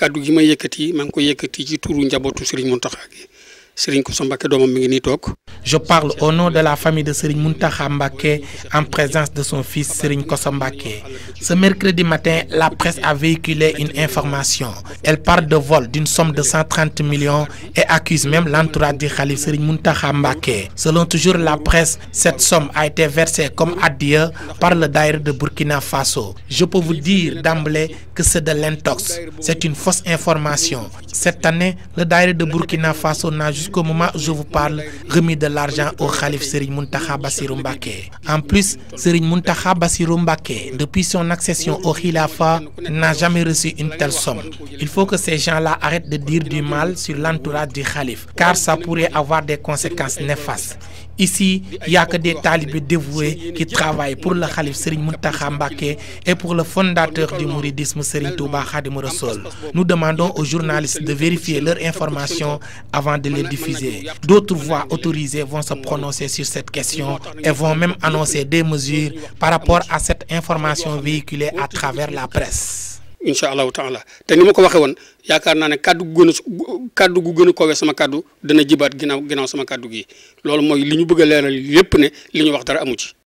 kàddu gi ma yëkkati maa ngi ko yëkkati ci turu njabootu Serigne Mountakha gi Serigne Koussa Mbacké doomam mi ngi nii toog. Je parle au nom de la famille de Serigne Mountakha Mbacké en présence de son fils Serigne Koussa Ce mercredi matin, la presse a véhiculé une information. Elle parle de vol d'une somme de 130 millions et accuse même l'entourage du Khalife Serigne Mountakha Mbacké. Selon toujours la presse, cette somme a été versée comme adiya par le daïra de Burkina Faso. Je peux vous dire d'emblée que c'est de l'intox. C'est une fausse information. Cette année, le daïra de Burkina Faso jusqu'au moment où je vous parle remis de l'argent au khalife Serigne Mountakha Bassirou Mbacké en plus Serigne Mountakha Bassirou Mbacké depuis son accession au khilafa n'a jamais reçu une telle somme il faut que ces gens-là arrêtent de dire du mal sur l'entourage du khalife car ça pourrait avoir des conséquences néfastes Ici, il n'y a que des talibés dévoués qui travaillent pour le Khalif Serine Muntaha Mbake et pour le fondateur du mouridisme Serine Touba Khadim Rassol. Nous demandons aux journalistes de vérifier leurs informations avant de les diffuser. D'autres voix autorisées vont se prononcer sur cette question et vont même annoncer des mesures par rapport à cette information véhiculée à travers la presse. incha allahu taala te ni ma ko waxee woon yaakaar naa ne kàddu gu gën a gu gën a koowee sama kàddu dana jibaat ginnaaw ginnaaw sama kàddu gi loolu mooy li ñu bëgg leeral lépp ne li ñu wax dara amu ci